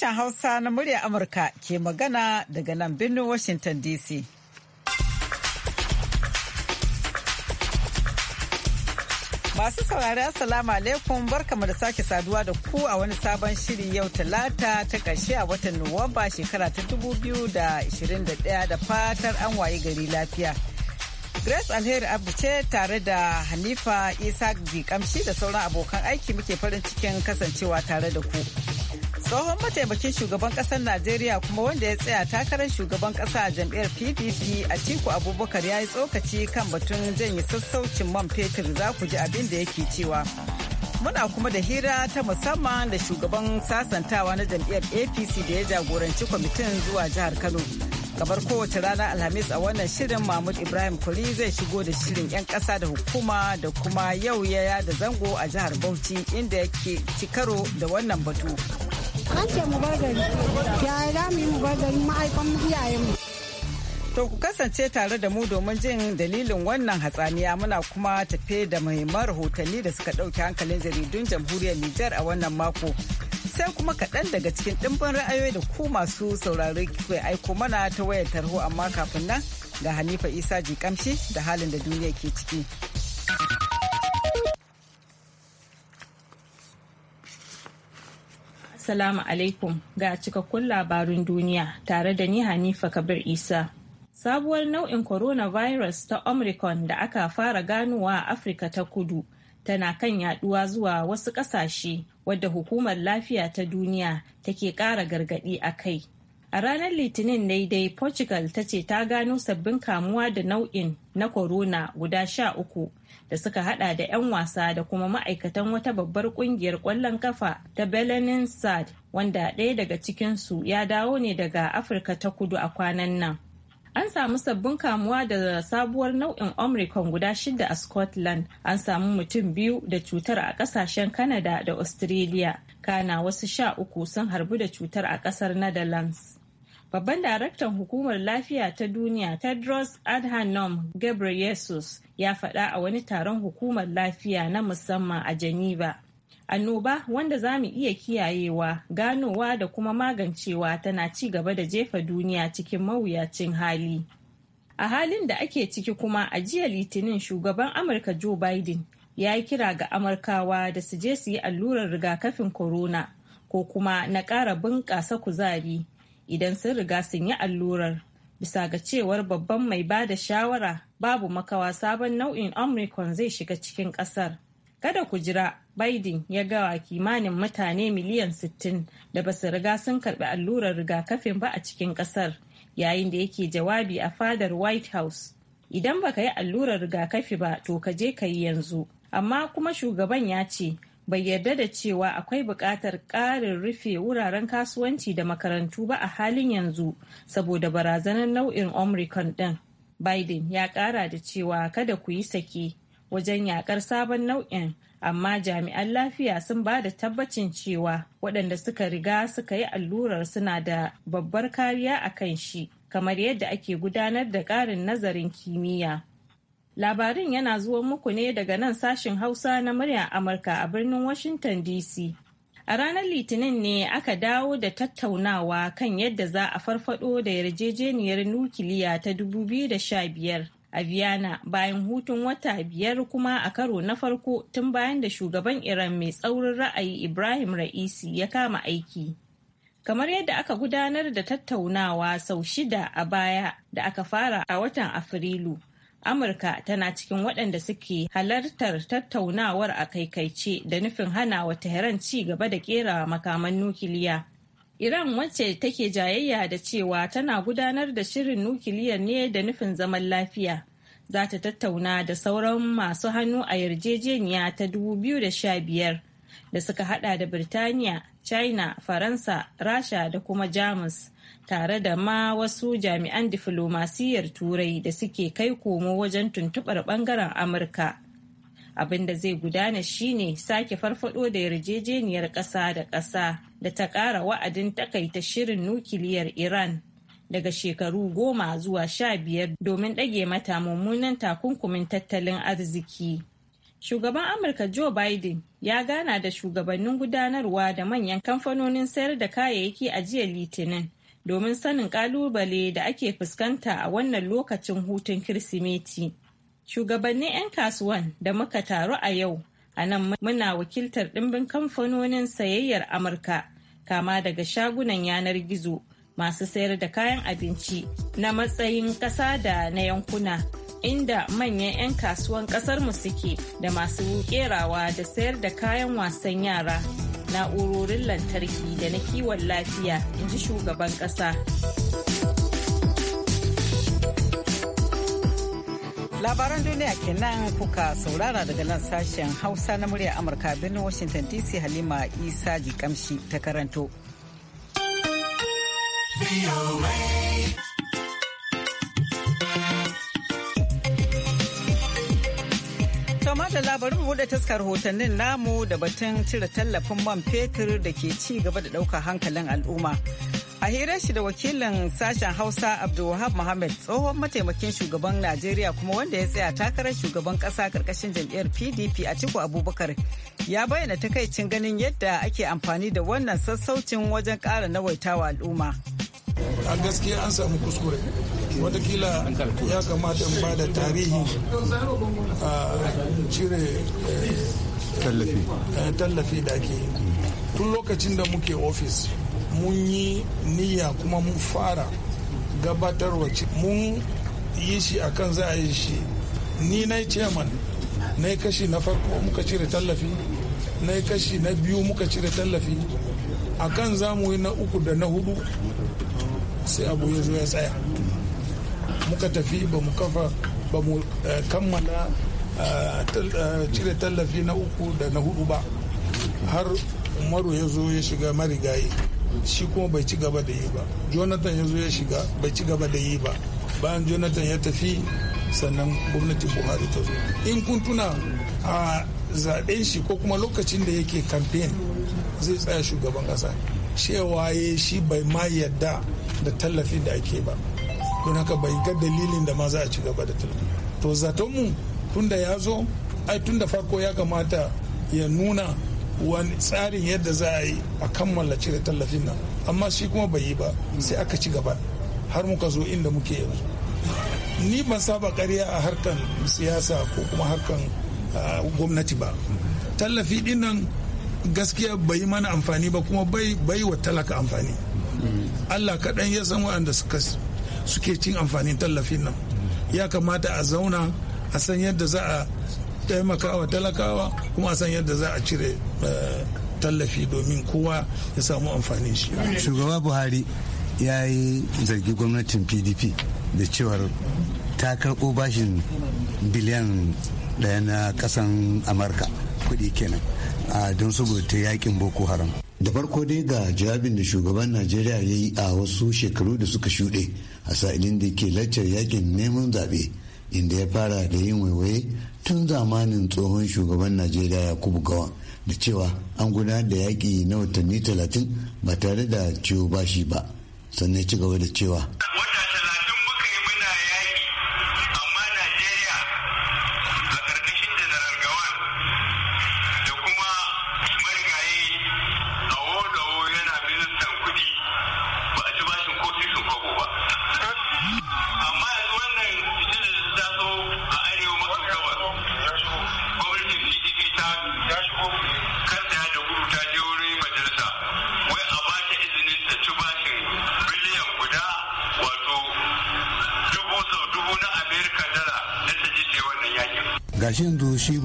Sashen Hausa na murya Amurka ke magana daga nan birnin Washington DC. Masu saurari Assalamu alaikum barkamu da sake saduwa da ku a wani sabon shiri yau talata ta ƙarshe a watan Nuwamba shekara ta 2021 da fatar an waye gari lafiya. Grace Alheri Abdu ce tare da Hanifa Isa Gikamshi da sauran abokan aiki muke farin cikin kasancewa tare da ku. tsohon mataimakin shugaban kasar najeriya kuma wanda ya tsaya takarar shugaban kasa a jam'iyyar pdp a tiku abubakar ya yi tsokaci kan batun janye sassaucin man fetur za ku ji abin da yake cewa muna kuma da hira ta musamman da shugaban sasantawa na jam'iyyar apc da ya jagoranci kwamitin zuwa jihar kano kamar kowace rana alhamis a wannan shirin mahmud ibrahim kuli zai shigo da shirin 'yan kasa da hukuma da kuma yau yaya da zango a jihar bauchi inda yake ci da wannan batu An mu bar mu yi mu bar gari ma'aikan mu. To ku kasance tare da mu domin jin dalilin wannan hatsaniya muna kuma tafe da muhimman rahotanni da suka ɗauki hankalin jaridun jamhuriyar Nijar a wannan mako. Sai kuma kaɗan daga cikin ɗimbin ra'ayoyi da ku masu saurari kuke aiko mana ta wayar tarho amma kafin nan ga Hanifa Isa kamshi da halin da duniya ke ciki. Assalamu alaikum ga cikakkun labarun duniya tare da ni Hanifa Kabir Isa. Sabuwar nau'in coronavirus ta Omicron da aka fara ganowa a Afirka ta kudu tana kan yaduwa zuwa wasu ƙasashe wadda hukumar lafiya ta duniya take ƙara gargaɗi a kai. A ranar Litinin ne dai Portugal ta ce ta gano sabbin kamuwa da nau'in na corona guda sha uku da suka hada da 'yan wasa da kuma ma'aikatan wata babbar kungiyar kwallon kafa ta Belenin Sad wanda ɗaya daga cikinsu ya dawo ne daga Afirka ta kudu a kwanan nan. An samu sabbin kamuwa da sabuwar nau'in Omicron guda shida a Scotland. An samu mutum biyu da cutar a kasashen Canada da Australia. Kana wasu sha uku sun harbu da cutar a kasar Netherlands. Babban daraktan hukumar lafiya ta duniya Tedros Adhanom Ghebreyesus ya faɗa a wani taron hukumar lafiya na musamman a Geneva. Annoba wanda za mu iya kiyayewa, ganowa da kuma magancewa tana ci gaba da jefa duniya cikin mawuyacin hali. A halin da ake ciki kuma a jiya Litinin shugaban Amurka Joe Biden ya yi kira ga Amurkawa da su je su yi allurar rigakafin corona ko kuma na ƙara bunƙasa kuzari idan sun riga sun yi allurar bisa ga cewar babban mai ba da shawara babu makawa sabon nau'in omicron zai shiga cikin kasar kada ku jira biden ya gawa kimanin mutane miliyan 60 da basu riga sun karbi allurar rigakafin ba a cikin kasar yayin da yake jawabi a fadar white house idan baka yi allurar rigakafi ba to ka je ka yi yanzu amma kuma shugaban ya ce bai yarda da cewa akwai buƙatar ƙarin rufe wuraren kasuwanci da makarantu ba a halin yanzu saboda barazanar nau'in Omricon ɗin. Biden ya ƙara da cewa kada ku yi sake wajen yaƙar sabon nau'in amma jami'an lafiya sun ba da tabbacin cewa waɗanda suka riga suka yi allurar suna da babbar kariya a kan shi kamar yadda ake gudanar da ƙarin nazarin kimiyya. Labarin yana zuwa muku ne daga nan sashin Hausa na murya Amurka a birnin Washington DC. A ranar Litinin ne aka dawo da tattaunawa kan yadda za a farfado da yarjejeniyar nukiliya ta 2015 a Vienna bayan hutun wata biyar kuma a karo na farko tun bayan da shugaban Iran mai tsaurin ra'ayi Ibrahim Ra'isi ya kama aiki. Kamar yadda aka gudanar da tattaunawa sau shida a baya da aka fara a watan Afrilu. amurka tana cikin waɗanda suke halartar tattaunawar a kaikaice da nufin hana wa tehran ci gaba da ƙera makaman nukiliya iran wacce take jayayya da cewa tana gudanar da shirin nukiliyar ne da nufin zaman lafiya za ta tattauna da sauran masu hannu a yarjejeniya ta 2015 da suka hada da birtaniya china faransa rasha da kuma jamus tare da ma wasu jami'an diflomasiyyar turai da suke kai komo wajen tuntubar bangaren amurka abin da zai gudana shine sake farfado da yarjejeniyar ƙasa da ƙasa da ta ƙara wa'adin takaita shirin nukiliyar iran daga shekaru goma zuwa sha biyar domin ɗage mata mummunan takunkumin tattalin arziki shugaban amurka joe biden ya gana da shugabannin gudanarwa da manyan kamfanonin sayar da kayayyaki a jiya litinin domin sanin kalubale da ake fuskanta a wannan lokacin hutun kirsimeti shugabannin 'yan kasuwan da muka taru a yau a nan muna wakiltar ɗimbin kamfanonin sayayyar amurka kama daga shagunan yanar gizo masu sayar da kayan abinci na matsayin ƙasa da na yankuna inda manyan 'yan kasuwan kasarmu suke da masu kerawa da sayar da kayan wasan yara na'urorin lantarki da na kiwon lafiya in ji shugaban kasa labaran duniya kenan kuka saurara daga nan sashen hausa na murya amurka birnin washington dc halima isa ji kamshi ta karanto. Kama da labarin buɗe taskar hotonnin namu da batun cire tallafin man fetur da ke ci gaba da ɗaukar hankalin al'umma. A hirar shi da wakilin sashen Hausa Abdulwahab mohammed tsohon mataimakin shugaban Najeriya kuma wanda ya tsaya takarar shugaban ƙasa karkashin jam'iyyar PDP a ciko Abubakar ya bayyana takaicin ganin yadda ake amfani da wannan sassaucin wajen ƙara nawaitawa al'umma. a gaskiya an samu kuskure watakila ya kamata in ba tarihi a cire eh, eh, tallafi da ake tun lokacin da muke ofis mun yi niyya kuma mun fara gabatarwa mun yi shi akan za a yi shi ni na yi chairman na yi kashi na farko muka cire tallafi na yi kashi na biyu muka cire tallafi akan za mu yi na uku da na hudu sai abu ya zo ya tsaya muka tafi ba mu kafa ba mu eh, kammala eh, eh, cire tallafi na uku da na hudu ba har umaru ya zo ya shiga marigayi shi kuma bai ci gaba da yi ba jonathan ya zo ya shiga bai ci gaba da yi ba bayan jonathan ya tafi sannan gwamnatin buhari ta zo in kun tuna a zaɓen shi ko kuma lokacin da yake kamfen zai tsaya shugaban ƙasa cewa ya shi bai ma yadda da tallafi da ake ba don haka bai ga dalilin da ma za a ci gaba da tallafi to zatonmu tunda ya zo ai tunda farko ya kamata ya nuna wani tsarin yadda za a yi a kammala cire tallafin nan amma shi kuma bai yi ba sai aka ci gaba har muka zo inda muke yanzu ni ban saba karya a harkan siyasa ko kuma harkan gwamnati ba tallafi ɗinnan gaskiya bai mana amfani ba kuma bai wa talaka amfani allah kaɗan ya san waɗanda suke cin amfanin tallafin nan ya kamata a zauna a san yadda za a taimakawa talakawa kuma a san yadda za a cire eh, tallafi domin kowa ya samu amfanin shi shugaba buhari ya yi zargi gwamnatin pdp da cewar ta karɓo bashin biliyan ɗaya na ƙasan amurka kuɗi kenan ah, don saboda yakin boko haram da farko dai ga jawabin da shugaban najeriya ya yi a wasu shekaru da suka shuɗe a sa'ilin da ke laccar yakin neman zaɓe inda ya fara da yin waiwaye tun zamanin tsohon shugaban najeriya kubu gawa da cewa an gudanar da yaƙi na watanni talatin ba tare da ciwo bashi ba sannan ci gaba da cewa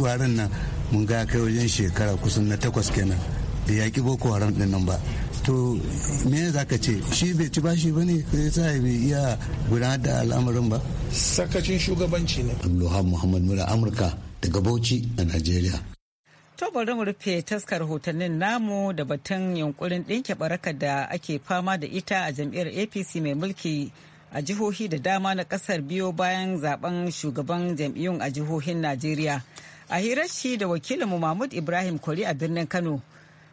boko haram nan mun ga kai wajen shekara kusan na takwas kenan da yaƙi boko haram ɗin nan ba to me za ka ce shi bai ci bashi ba ne ya sa bai iya gudanar da al'amarin ba sakacin shugabanci ne abdulhamid muhammad mura amurka daga bauchi a najeriya To bari mu rufe taskar hotannin namu da batun yunkurin ɗinke baraka da ake fama da ita a jam'iyyar APC mai mulki a jihohi da dama na ƙasar biyo bayan zaben shugaban jam'iyyun a jihohin Najeriya. a hirar shi da wakilin mu mahmud ibrahim kori a birnin kano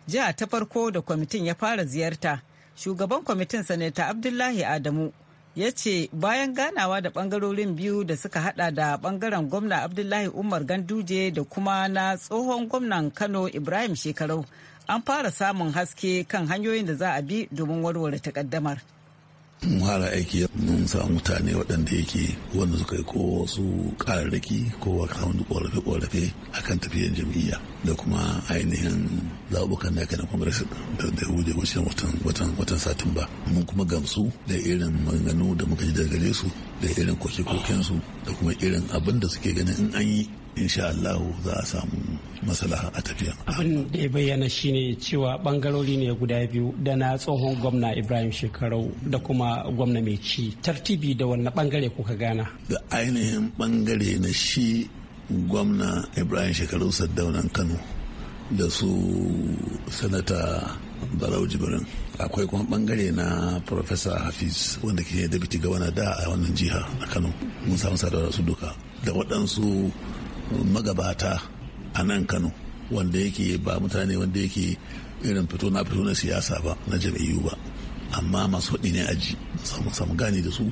jiha ta farko da kwamitin ya fara ziyarta shugaban kwamitin sanata abdullahi adamu ya ce bayan ganawa da bangarorin biyu da suka hada da bangaren gwamna abdullahi umar ganduje da kuma na tsohon gwamnan kano ibrahim shekarau an fara samun haske kan hanyoyin da za a bi domin warware takaddamar. mun hala aiki mun samu mutane waɗanda yake wanda suka yi ko wasu ƙararraki ko wani ƙorafe-ƙorafe a kan tafiyan jam'iyya da kuma ainihin zaɓuɓɓukan da aka na congress da da wuce wuce watan watan ba. mun kuma gamsu da irin maganganu da muka ji daga gare su da irin koke su da kuma irin abin da suke ganin in an yi insha Allah za a samu Masala a tafiya. Abin da ya bayyana shine cewa bangarori ne guda biyu da na tsohon gwamna Ibrahim Shekarau da kuma gwamna mai ci. Tartibi da wanne bangare kuka gana? Da ainihin bangare na shi gwamna Ibrahim Shekarau Saddaunan Kano da su sanata Barau Jibrin. akwai kuma bangare na Professor Hafiz wanda ke deputy gawana da a wannan jiha a Kano mun samu sadarwa su duka da waɗansu magabata a nan kano wanda yake ba mutane wanda yake irin fito na fito na siyasa ba na jam'iyyu ba amma masu hudu ne aji samu gane da su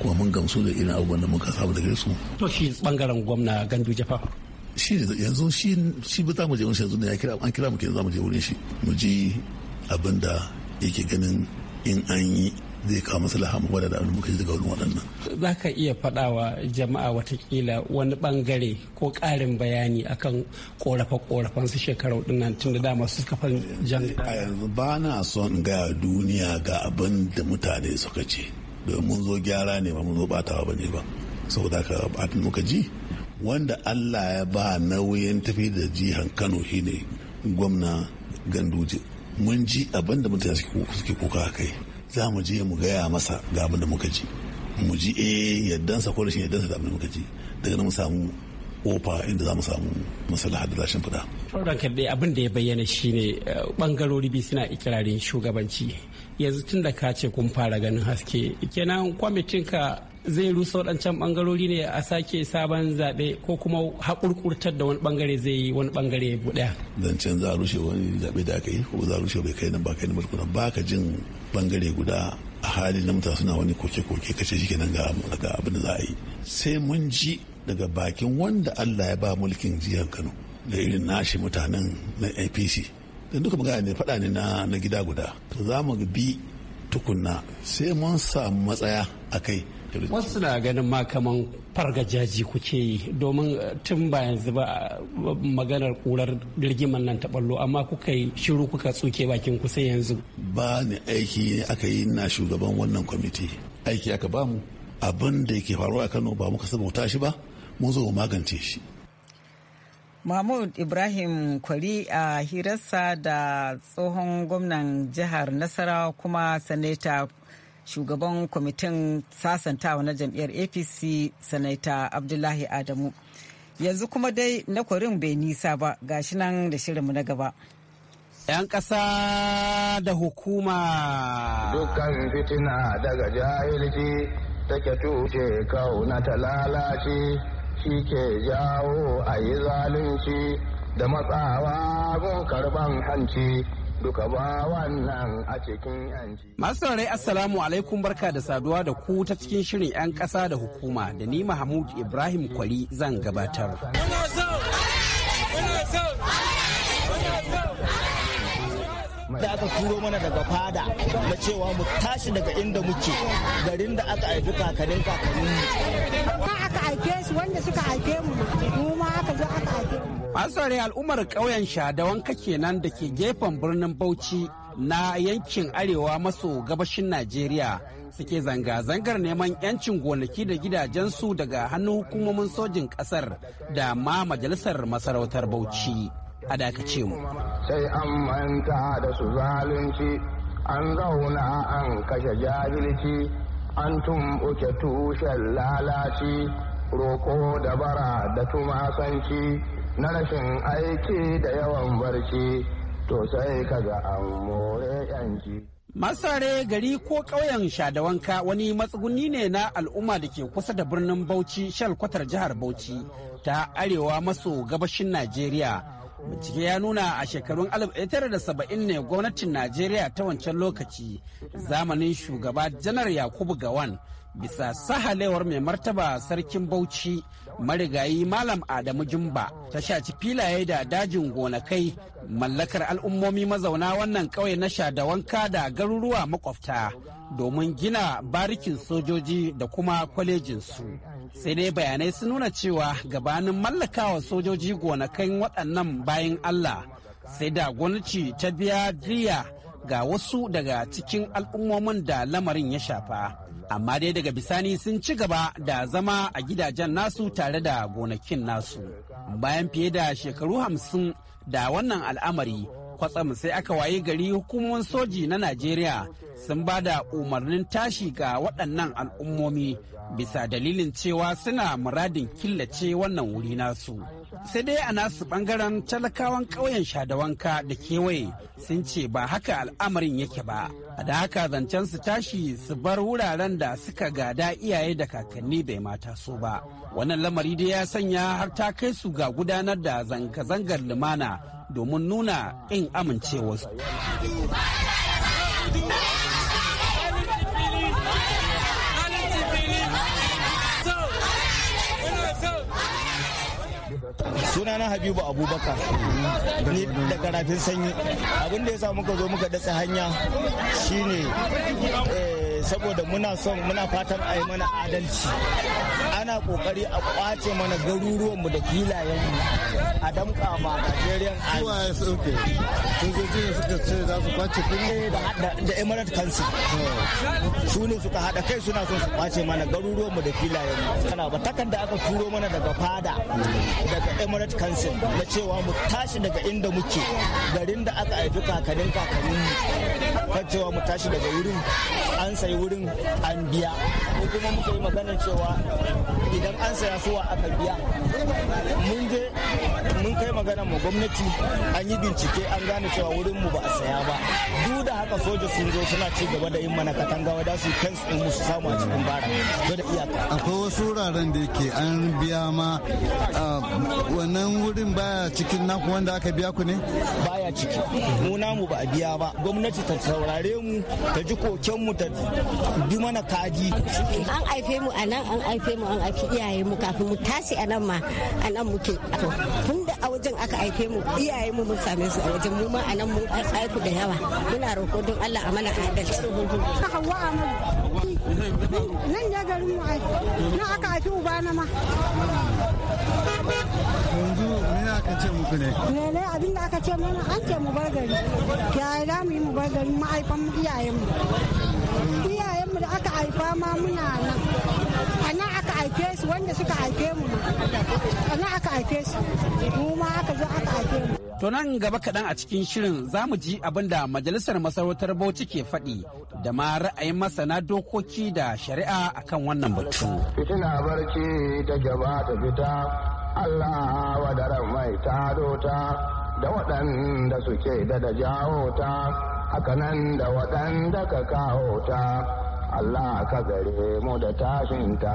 kuma mun gamsu da irin abubuwan da muka samu daga su. To shi bangaren gwamna gandu jafa. Shi yanzu shi shi ba za mu je wurin yanzu ya kira an kira mu kenan za mu je wurin shi mu ji abin da yake ganin in an yi zai kawo maslaha mu wadda da muka ji daga wurin waɗannan. Za ka iya faɗawa jama'a watakila wani bangare ko ƙarin bayani akan ƙorafe-ƙorafen su shekaru dinnan tun da dama su suka fan jan. A yanzu ba na son gaya duniya ga abin da mutane suka ce domin mun zo gyara ne ba mun zo batawa ba ne ba saboda ka batun muka ji wanda Allah ya ba nauyin tafi da jihan Kano shine gwamna Ganduje mun ji abin da mutane suke kuka kai za mu je mu gaya masa ga abin da muka ji mu ji eh yaddansa ko rashin yaddansa da abin da muka ji daga nan mu samu ofa inda za mu samu maslaha da zashin fada. ranka dai abin da ya bayyana shine bangarori eh, biyu suna ikirarin shugabanci yanzu tun da ka ce kun fara ganin haske kenan kwamitin ka zai rusa waɗancan bangarori ne a sake sabon zaɓe ko kuma haƙurƙurtar da wani bangare zai yi wani bangare buɗe. zancen za a rushe wani zaɓe da aka yi ko za a rushe bai kai nan ba kai nan ba ba ka jin bangare guda a hali na mutane suna wani koke-koke kace shi kenan ga abin da za a yi sai mun ji daga bakin wanda Allah ya ba mulkin jihar Kano da irin nashi mutanen na APC da duka mu ne faɗa ne na gida guda to za mu bi tukunna sai mun samu matsaya a kai wasu na ganin makaman kaman fargajaji kuke yi domin eh, tun ba yanzu ba eh, maganar kurar girgiman nan ta ballo amma kuka yi shiru kuka tsuke bakin kusa yanzu ba ni aiki ne aka yi na shugaban wannan kwamiti aiki aka bamu abin da yake faruwa a kano ba muka wuta tashi ba mun zo magance shi mahmud ibrahim kwari a hirarsa da tsohon gwamnan jihar nasarawa kuma sanata shugaban kwamitin sasantawa na jam'iyyar apc sanaita abdullahi adamu yanzu kuma dai na kwarin bai nisa ba ga shi nan da shirinmu na gaba 'yan ƙasa da hukuma dukkan fitina daga jahilci take tuce kauna ta lalace shi ke jawo a yi zalunci da matsawa gun karban hanci duka ba wannan a cikin Masu saurari Assalamu alaikum barka da saduwa da ku ta cikin shirin 'yan ƙasa da hukuma da ni Mahmud Ibrahim Kwali zan gabatar. da aka turo mana daga fada na cewa mu tashi daga inda muke garin da aka haifi kakanin kakaninmu. Ka aka aike su wanda suka aike mu Masare al'ummar ƙauyen wanka kenan da ke gefen birnin Bauchi na yankin arewa maso gabashin Najeriya suke zanga-zangar neman 'yancin gonaki da gidajensu daga hannun hukumomin sojin ƙasar da ma majalisar masarautar Bauchi. A dakace mu. Sai an manta da su zalunci, an zauna an kashe jahilci, an tumɓuke tushen lalaci, roko da bara da tumasanci. na rashin aiki da yawan barci to sai ga an more yanki. Masare gari ko ƙauyen Shadawanka wani matsuguni ne na al'umma da ke kusa da birnin Bauchi shalkwatar jihar Bauchi ta arewa maso gabashin Najeriya. Bincike ya nuna a shekarun 1970 ne gwamnatin Najeriya ta wancan lokaci zamanin shugaba janar Yakubu Gawan bisa sahalewar mai martaba sarkin bauchi marigayi malam adamu jumba ta shaci filaye da dajin gonakai mallakar al'ummomi mazauna wannan ƙauye na shadawanka da garuruwa makwabta domin gina barikin sojoji da kuma kwalejinsu sai dai bayanai sun nuna cewa gabanin mallakawa sojoji gonakan waɗannan bayan allah sai da gwamnati ta biya diya ga wasu daga cikin al'ummomin da lamarin ya shafa amma dai daga bisani sun ci gaba da zama a gidajen nasu tare da gonakin nasu bayan fiye da shekaru hamsin da wannan al'amari kwatsam sai aka waye gari hukumomin soji na najeriya sun ba da umarnin tashi ga waɗannan al'ummomi bisa dalilin cewa suna muradin killace wannan wuri nasu. Sai dai a nasu bangaren talakawan ƙauyen Shadawanka da kewaye sun ce ba haka al'amarin yake ba. A da haka zancen su tashi su bar wuraren da suka gada iyaye da kakanni bai mata so ba. Wannan lamari dai ya sanya har ta kai su ga gudanar da zanga-zangar lumana domin nuna amincewa amincewarsu. sunana habibu abubakar ni daga rafin sanyi abin da ya sa muka zo muka datsa hanya shine eh, saboda muna son muna fatan a yi mana adalci ana kokari a kwace mana garuruwanmu da filayenmu a damka ma Nigerian Army. Sojoji ne suka ce za su kwace fili eh, da Emirate Council. Su ne suka haɗa kai suna son su kwace mana garuruwanmu da filayenmu. Kana ba takan da aka turo mana daga fada daga Emirate Council na cewa mu tashi daga inda muke garin da aka haifi kakanin mu. Kan cewa mu tashi daga wurin an sayi ne wurin an biya ko kuma muka yi magana cewa idan an saya suwa aka biya mun je mun kai magana mu gwamnati an yi bincike an gane cewa wurin mu ba a saya ba duk da haka soja sun zo suna ci gaba da yin mana katanga wadda su kan su mu su samu a cikin bara to da iyaka akwai wasu wuraren da yake an biya ma wannan wurin baya cikin naku wanda aka biya ku ne baya ciki mu namu ba a biya ba gwamnati ta saurare mu ta ji koken mu ta bi mana kaji an aife mu a nan an aife mu an aifi iyaye mu kafin mu tashi a nan ma a nan muke tun da a wajen aka aife mu iyaye mu mun same su a wajen mu ma a nan mun aiku da yawa muna roƙo don Allah a mana adalci hawa nan ya garin mu ai nan aka aifi uba na ma yanzu ne aka ce muku ne lele abinda aka ce mana an ce mu bar gari ya da mu yi mu bar gari ma'aifan mu iyayen mu iyayenmu da aka haifa ma muna nan a nan aka haife su wanda suka haife mu a nan aka haife su mu ma aka zo aka haife mu To nan gaba kaɗan a cikin shirin za mu ji abin da Majalisar Masarautar Bauchi ke faɗi da ma ra'ayin masana dokoki da shari'a akan wannan batu. Fitina barci da gaba ta fita, Allah wadaran mai ta ta da waɗanda suke da da jawo ta. hakanan da waɗanda ka kawo ta Allah ka gare mu da tashinta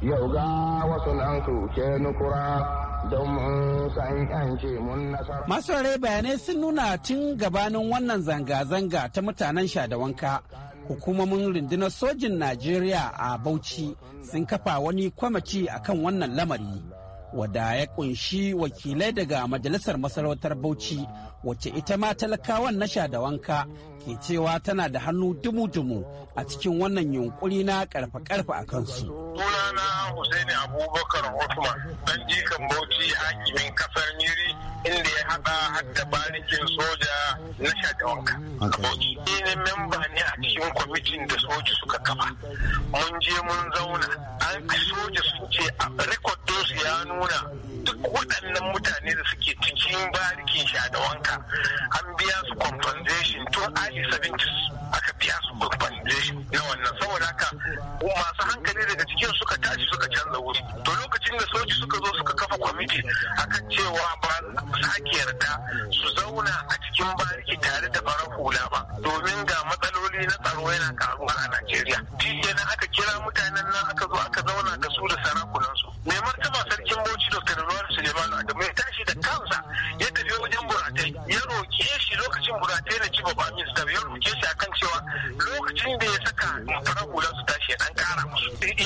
yau ga wasu nan su ke nukura don mun san yanci mun nasara. Masu bayanai sun nuna tun gabanin wannan zanga-zanga ta mutanen sha da wanka hukumomin rundunar sojin Najeriya a Bauchi sun kafa wani kwamaci akan wannan lamari. wadda ya kunshi wakilai daga majalisar masarautar bauchi wacce ita ma talakawan na sha da wanka ke cewa tana da hannu dumu-dumu a cikin wannan yunkuri na karfa-karfa a kansu. sunana husaini abubakar Usman dan jikan bauchi hakimin kasar niri inda ya haɗa hadda barikin soja na sha da wanka ne memba ne a cikin kwamitin da soji suka kafa mun je mun zauna an soja sun ce a rikodinsu ya nuna nuna duk waɗannan mutane da suke cikin barikin sha da wanka an biya su compensation tun ali 70 aka biya su compensation na wannan saboda haka masu hankali daga cikin suka tashi suka canza wuri to lokacin da soji suka zo suka kafa kwamiti akan cewa ba hake yarda su zauna a cikin bariki tare da farar hula ba domin ga matsaloli na tsaro yana karuwa a najeriya shi aka kira mutanen nan aka zo aka zauna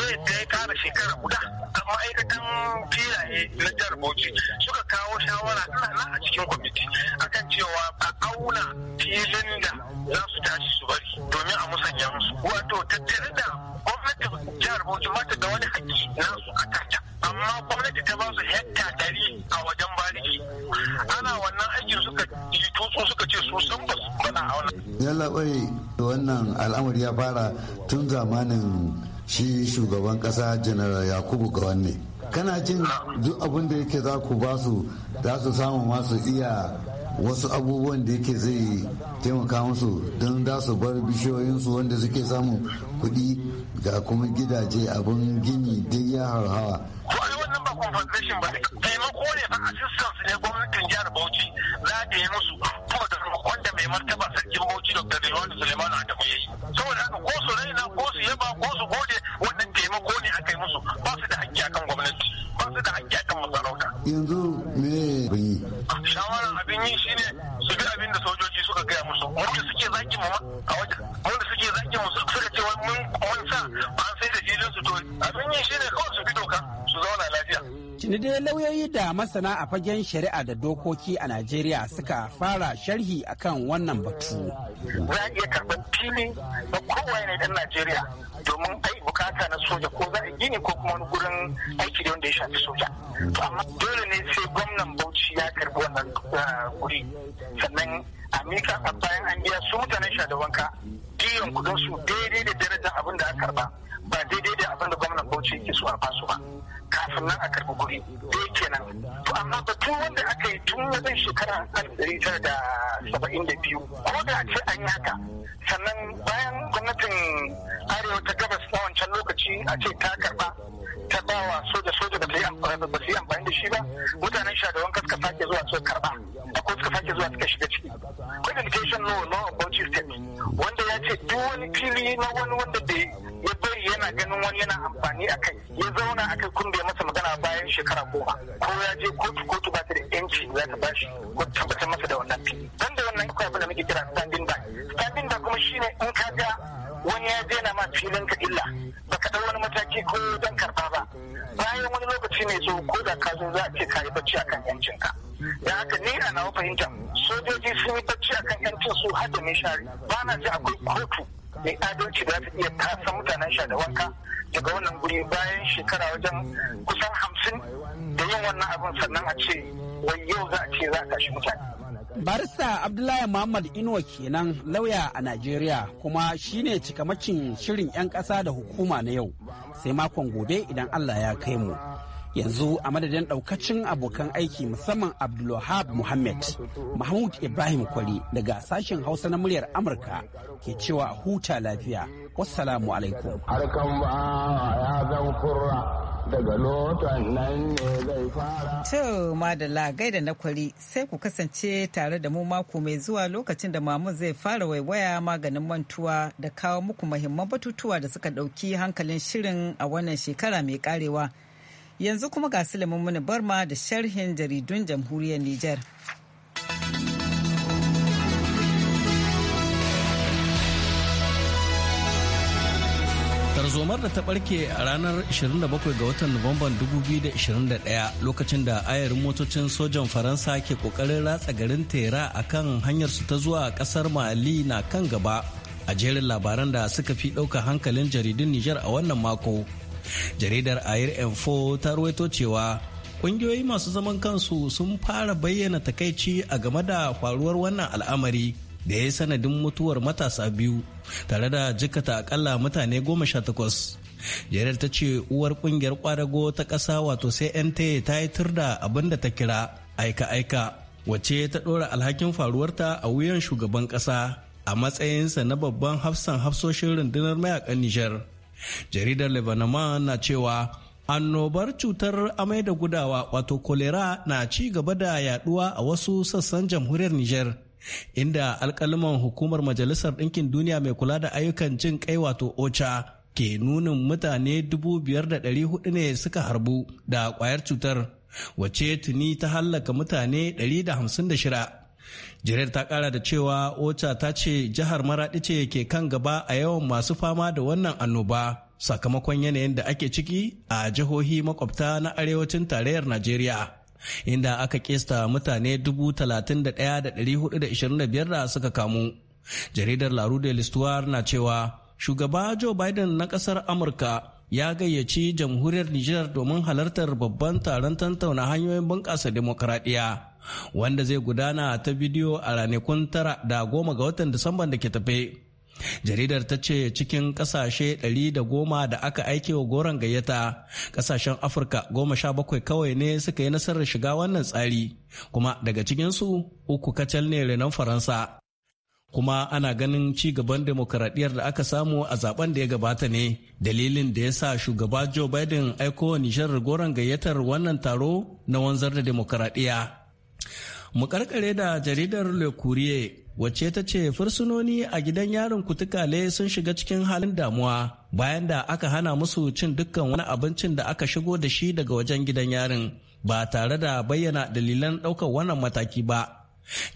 yadda ya kara shekara guda a ma'aikatan filaye na jihar bauchi suka kawo shawara tana a cikin kwamiti akan cewa a auna filin da za su tashi su bari domin a musanya musu wato tattare da gwamnatin jihar bauchi mata da wani haƙƙi nasu a kanta amma gwamnati ta ba su hekta ɗari a wajen bariki ana wannan aikin suka yi tutsu suka ce su san ba su bana a wannan. yalla wannan al'amari ya fara tun zamanin shi shugaban kasa janaral yakubu gawanne kana jin duk abin da yake za ku ba su za su samu masu iya wasu abubuwan da yake zai taimaka musu don za su bar bishiyoyinsu wanda suke samun kuɗi ga kuma gidaje abin gini duk ya harhawa ba ne ba assistance ne gwamnatin jihar Bauchi za ta yi musu mai martaba sarkin bauchi dr rilwani suleiman a ya yi saboda haka ko su raina ko su yaba ko su gode wannan taimako ne aka yi musu ba su da hakki akan gwamnati ba su da hakki akan masarauta yanzu me abin yi shawaran abin yi shine su bi abin da sojoji suka gaya musu wanda suke zaki mu a wajen wanda suke zaki mu suka ce wai mun sa ba sai da filin su to abin yi shine kawai su bi doka su zauna lafiya Tuni dai lauyoyi da masana a fagen shari'a da dokoki a Najeriya suka fara sharhi akan wannan batu. Za a iya karɓar fili da kowa ne dan Najeriya domin ai bukata na soja ko za a yi gini ko kuma wani gurin aiki da wanda ya shafi soja. amma dole ne sai gwamnan Bauchi ya karɓi wannan ah, guri sannan a mika a bayan an biya su mutanen sha da wanka biyan kudin su daidai da darajar abin da aka karɓa ba daidai da abin da gwamnan Bauchi yake so a basu ba. kafin nan a karɓi kuɗi dai kenan to amma batun wanda aka yi tun wajen shekara alif ɗari da saba'in da biyu ko da ce an yi sannan bayan gwamnatin arewa ta gabas na wancan lokaci a ce ta karɓa ta wa soja soja ba ta yi amfani da shi ba mutanen shadawan kaska sake zuwa su karɓa ko suka sake zuwa suka shiga ciki akwai limitation law law of Bauchi state wanda ya ce duk wani fili na wani wanda bai ya bari yana ganin wani yana amfani a kai ya zauna a kai kun masa magana bayan shekara goma ko ya je kotu kotu ba ta da yanci za ta bashi ko tabbatar masa da wannan fili dan da wannan akwai abin da muke kira standing by standing by kuma shine in ka ga wani ya je na ma filin ka illa baka dau wani mataki ko dan karba ba bayan wani lokaci ne so ko da ka zo za a ce ka yi bacci akan yancin ka da haka ni a nawa fahimta sojoji sun yi bacci akan yancin su har da mai ba na ji akwai kotu mai adalci za ta iya tasa mutanen sha da wanka daga wannan guri bayan shekara wajen kusan hamsin da yin wannan abin sannan a ce wai yau za a ce za a tashi mutane barista abdullahi muhammad inuwa kenan lauya a najeriya kuma shine cikamacin shirin 'yan ƙasa da hukuma na yau sai makon gobe idan allah ya kai mu yanzu a madadin daukacin abokan aiki musamman abdulwahab muhammad mahmud ibrahim kwari daga sashen hausa na muryar amurka ke cewa huta lafiya wassalamu alaikum daga lotan nan ne zai fara. To gaida na kwari sai ku kasance tare da mu mako mai zuwa lokacin da mamu zai fara waiwaya maganin mantuwa da kawo muku mahimman batutuwa da suka ɗauki hankalin shirin a wannan shekara mai karewa. Yanzu kuma ga Suleiman Muni Barma da sharhin jaridun jamhuriyar Nijar. tarzomar da ta barke a ranar 27 ga watan nuwamban 2021 lokacin da ayarin motocin sojan faransa ke kokarin ratsa garin tera a kan hanyarsu ta zuwa kasar mali na kan gaba a jerin labaran da suka fi ɗauka hankalin jaridun nijar a wannan mako jaridar air info ta ruwaito cewa kungiyoyi masu zaman kansu sun fara bayyana takaici a game da faruwar wannan al'amari da ya yi sanadin mutuwar matasa biyu tare da jikata akalla mutane goma sha takwas jaridar ta ce uwar kungiyar kwadago ta ƙasa wato sai ta yi tur da abin ta kira aika-aika Wace ta ɗora alhakin faruwarta a wuyan shugaban ƙasa a matsayinsa na babban hafsan hafsoshin rundunar mayakan nijar jaridar lebanon na cewa annobar cutar amai da gudawa wato kolera na ci gaba da yaduwa a wasu sassan jamhuriyar niger inda alkaliman hukumar majalisar ɗinkin duniya mai kula da ayyukan jin kai wato ocha ke nunin mutane 5,400 ne suka harbu da kwayar cutar wace tuni ta hallaka mutane 156 jirar ta kara da cewa ocha ta ce jihar maraɗi ce ke kan gaba a yawan masu fama da wannan annoba sakamakon yanayin da ake ciki a jihohi makwabta na arewacin tarayyar najeriya inda aka kista mutane 31,425 da suka kamu. Jaridar La Rue na cewa shugaba Joe Biden na kasar Amurka ya gayyaci jamhuriyar Nijar domin halartar babban taron tantauna hanyoyin bunƙasa demokradiyya wanda zai gudana ta bidiyo a ranakun tara da goma ga watan Disamban da ke tafe. jaridar ta ce cikin kasashe 110 da goma da aka aike wa goron gayyata kasashen afirka goma sha bakwai kawai ne suka yi nasarar shiga wannan tsari kuma daga cikinsu uku kacal ne renon faransa kuma ana ganin ci gaban demokaradiyyar da aka samu a zaben da ya gabata ne dalilin da ya sa shugaba joe biden aiko nishar goron gayyatar wannan taro na wanzar da demokaradiyya mu karkare da jaridar le courrier wacce ta ce fursunoni a gidan yarin kutukale sun shiga cikin halin damuwa bayan da aka hana musu cin dukkan wani abincin da aka shigo da shi daga wajen gidan yarin ba tare da bayyana dalilan ɗaukar wannan mataki ba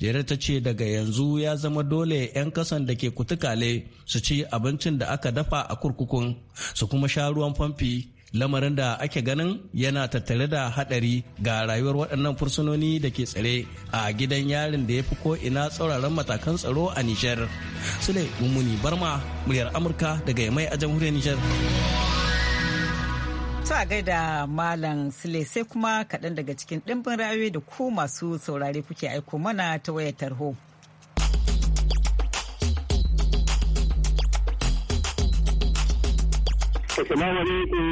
jere ta ce daga yanzu ya zama dole 'yan kasan da ke kutukale su ci abincin da aka dafa a kurkukun su kuma sha ruwan famfi lamarin da ake ganin yana tattare da hadari ga rayuwar waɗannan fursunoni da ke tsare a gidan yarin da ya fi ko'ina tsauraran matakan tsaro a nijar sule mummuni barma muryar amurka daga yamai a jamhuriyar nijar Ta gaida Malam Sule sai kuma kaɗan daga cikin ɗimbin rayuwa da ku masu saurare kuke aiko mana ta wayar tarho. Assalamu alaikum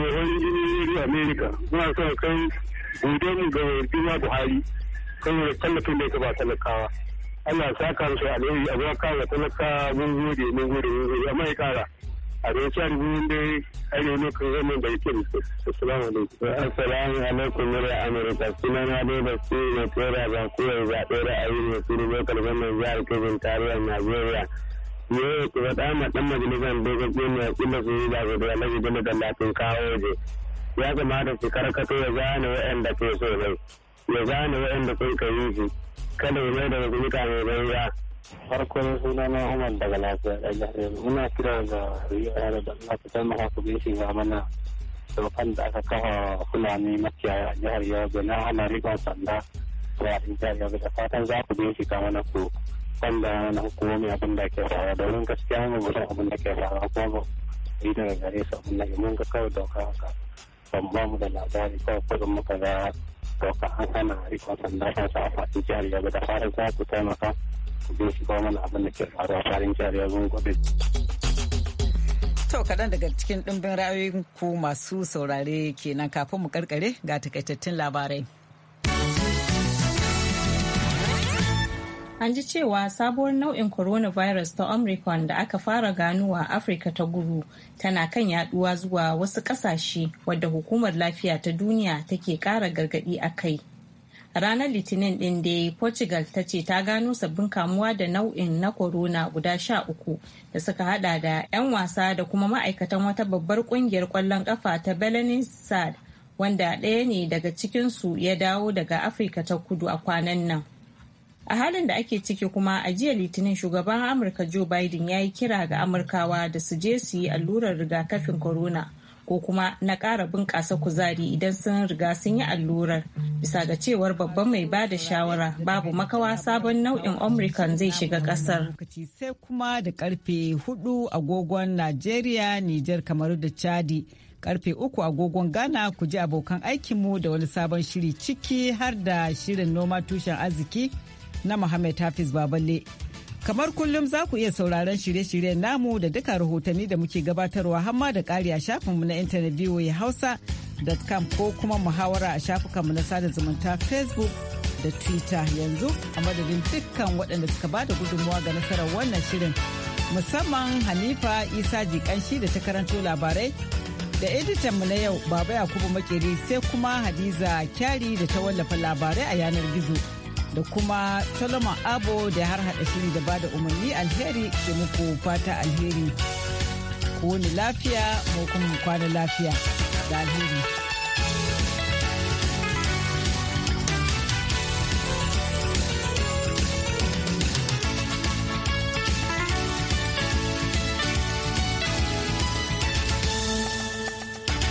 da wani jini Amerika. Muna son kai gode mu ga Juma Buhari. Kan tallafin da ya ba talakawa. Allah ya saka su alheri a zuwa kare talaka mun gode mun gode mun gode amma ya kara. arewacin arzikin dai arewa ne kan zama da yake assalamu alaikum assalamu alaikum amurka suna na dai da su ne tsera ba kowai zaɓe ra'ayi ne su da zokar zaman jihar kebin tarayyar najeriya ne ku faɗa ma ɗan majalisar dokoki ne a ƙila su yi zaɓe da alaji da latin kawo waje ya kamata su karkato ya zane waɗanda ke so ne ya zane waɗanda sun kayi shi kada ya mai da wasu mutane don farkon suna na umar daga lafiya ɗaya muna kira ga yara da ta su taimaka su gaishe ga mana dokan da aka kafa fulani makiyaya a jihar yobe na hana rikon sanda a jihar yobe da fatan za ku gaishe ga mana ku wanda na hukumomi abin da ke faruwa domin gaskiya mun mutum abin da ke faruwa kuma ba yi daga gare su abin da mun ga kawai doka haka ban ba mu da labari kawai kudin muka ga doka an hana rikon sanda kan sa a fatan jihar yobe da fatan za ku taimaka su zo su abin da ke faruwa farin zuwa To kaɗan daga cikin ɗimbin ra'ayoyin ku masu saurare kenan kafin mu karkare ga takaitattun labarai. An ji cewa sabuwar nau'in coronavirus ta Omicron da aka fara ganuwa a Afirka ta guru tana kan yaduwa zuwa wasu ƙasashe wadda hukumar lafiya ta duniya take ƙara gargaɗi a kai. ranar litinin din da portugal ta ce ta gano sabbin kamuwa da nau'in na corona guda sha uku da suka hada da 'yan wasa da kuma ma'aikatan wata babbar kungiyar kwallon kafa ta belenin sad wanda ɗaya ne daga cikinsu ya dawo daga afirka ta kudu a kwanan nan a halin da ake ciki kuma a jiya litinin shugaban amurka joe biden ya yi kira ga amurkawa da su je su yi allurar rigakafin corona ko kuma na ƙara bunƙasa kuzari idan sun riga sun yi allurar bisa ga cewar babban mai ba da shawara babu makawa sabon nau'in omicron zai shiga ƙasar. sai kuma da karfe hudu agogon najeriya nijar kamaru da chadi karfe uku agogon ghana ku ji abokan aikinmu da wani sabon shiri ciki har da shirin noma tushen arziki na muhammad hafiz baballe Kamar kullum za ku iya sauraron shirye-shiryen namu da duka rahotanni da muke gabatarwa hamma da ƙari a shafinmu na intanet ya hausa.com ko kuma muhawara a shafukanmu na sada zumunta Facebook da Twitter yanzu a madadin dukkan waɗanda suka ba da gudunmawa ga nasarar wannan shirin. Musamman Hanifa Isa Jikanshi da ta karanto labarai da mu na yau Baba Yakubu Makeri sai kuma Hadiza Kyari da ta wallafa labarai a yanar gizo. da kuma Solomon Abo da har hada shirin da bada umarni alheri ke muku fata alheri. Ku wani lafiya mu kuma kwana lafiya da alheri.